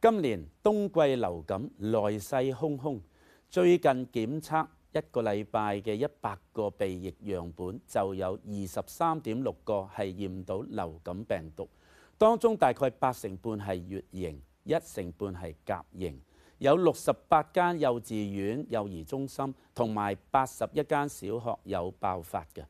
今年冬季流感來勢洶洶，最近檢測一個禮拜嘅一百個鼻液樣本，就有二十三點六個係驗到流感病毒，當中大概八成半係乙型，一成半係甲型，有六十八間幼稚園、幼兒中心同埋八十一間小學有爆發嘅。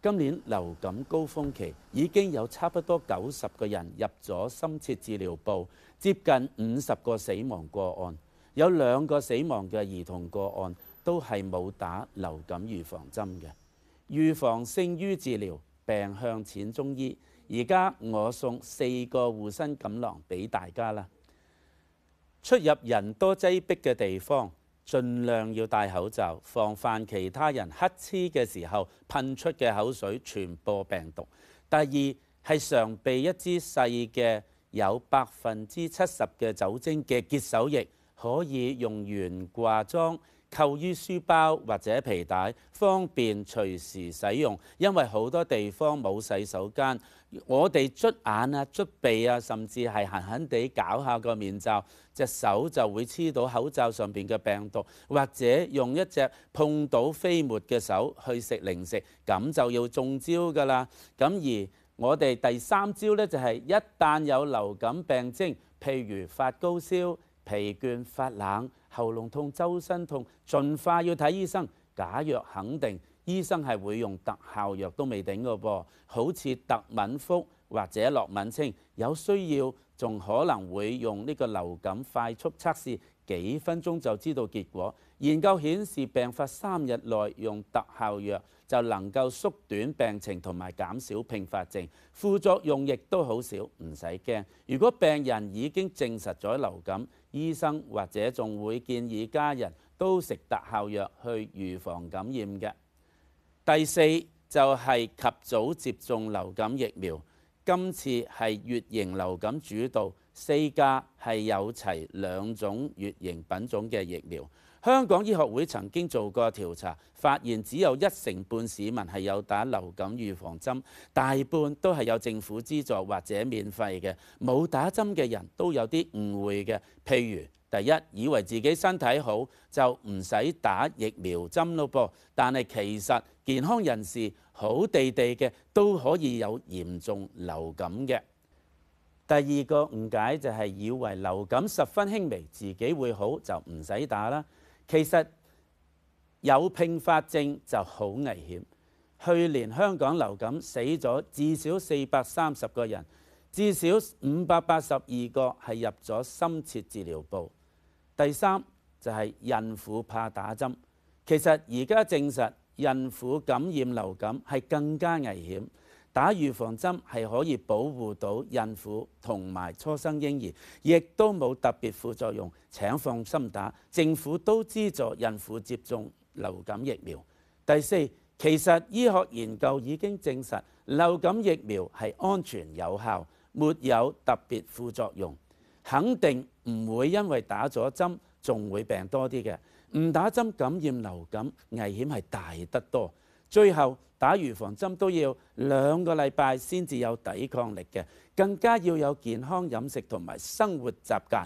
今年流感高峰期已經有差不多九十個人入咗深切治療部，接近五十個死亡個案，有兩個死亡嘅兒童個案都係冇打流感預防針嘅。預防勝於治療，病向淺中醫。而家我送四個護身錦囊畀大家啦。出入人多擠迫嘅地方，盡量要戴口罩，防範其他人乞嗤嘅時候噴出嘅口水傳播病毒。第二係常備一支細嘅有百分之七十嘅酒精嘅潔手液，可以用懸掛裝。扣於書包或者皮帶，方便隨時使用。因為好多地方冇洗手間，我哋捽眼啊、捽鼻啊，甚至係痕痕地搞下個面罩，隻手就會黐到口罩上面嘅病毒，或者用一隻碰到飛沫嘅手去食零食，咁就要中招㗎啦。咁而我哋第三招呢，就係一旦有流感病徵，譬如發高燒、疲倦、發冷。喉嚨痛、周身痛，盡快要睇醫生。假若肯定，醫生係會用特效藥都未定嘅噃，好似特敏福或者洛敏清。有需要仲可能會用呢個流感快速測試，幾分鐘就知道結果。研究顯示，病發三日內用特效藥就能夠縮短病情同埋減少併發症，副作用亦都好少，唔使驚。如果病人已經證實咗流感，醫生或者仲會建議家人都食特效藥去預防感染嘅。第四就係及早接種流感疫苗。今次係乙型流感主導，四家係有齊兩種乙型品種嘅疫苗。香港醫學會曾經做過調查，發現只有一成半市民係有打流感預防針，大半都係有政府資助或者免費嘅。冇打針嘅人都有啲誤會嘅，譬如第一，以為自己身體好，就唔使打疫苗針咯噃。但係其實健康人士好地地嘅都可以有嚴重流感嘅。第二個誤解就係以為流感十分輕微，自己會好，就唔使打啦。其實有併發症就好危險。去年香港流感死咗至少四百三十個人，至少五百八十二個係入咗深切治療部。第三就係孕婦怕打針，其實而家證實孕婦感染流感係更加危險。打預防針係可以保護到孕婦同埋初生嬰兒，亦都冇特別副作用，請放心打。政府都資助孕婦接種流感疫苗。第四，其實醫學研究已經證實流感疫苗係安全有效，沒有特別副作用，肯定唔會因為打咗針仲會病多啲嘅。唔打針感染流感危險係大得多。最後，打預防針都要兩個禮拜先至有抵抗力嘅，更加要有健康飲食同埋生活習慣。